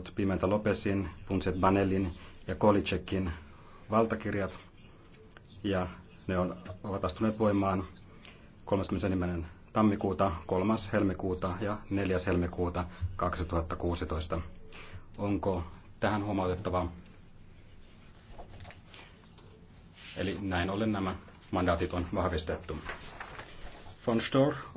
Mutta Pimenta Lopesin, Punset Banelin ja Kolicekin valtakirjat, ja ne on, ovat astuneet voimaan 31. tammikuuta, 3. helmikuuta ja 4. helmikuuta 2016. Onko tähän huomautettavaa? Eli näin ollen nämä mandaatit on vahvistettu. Von Stor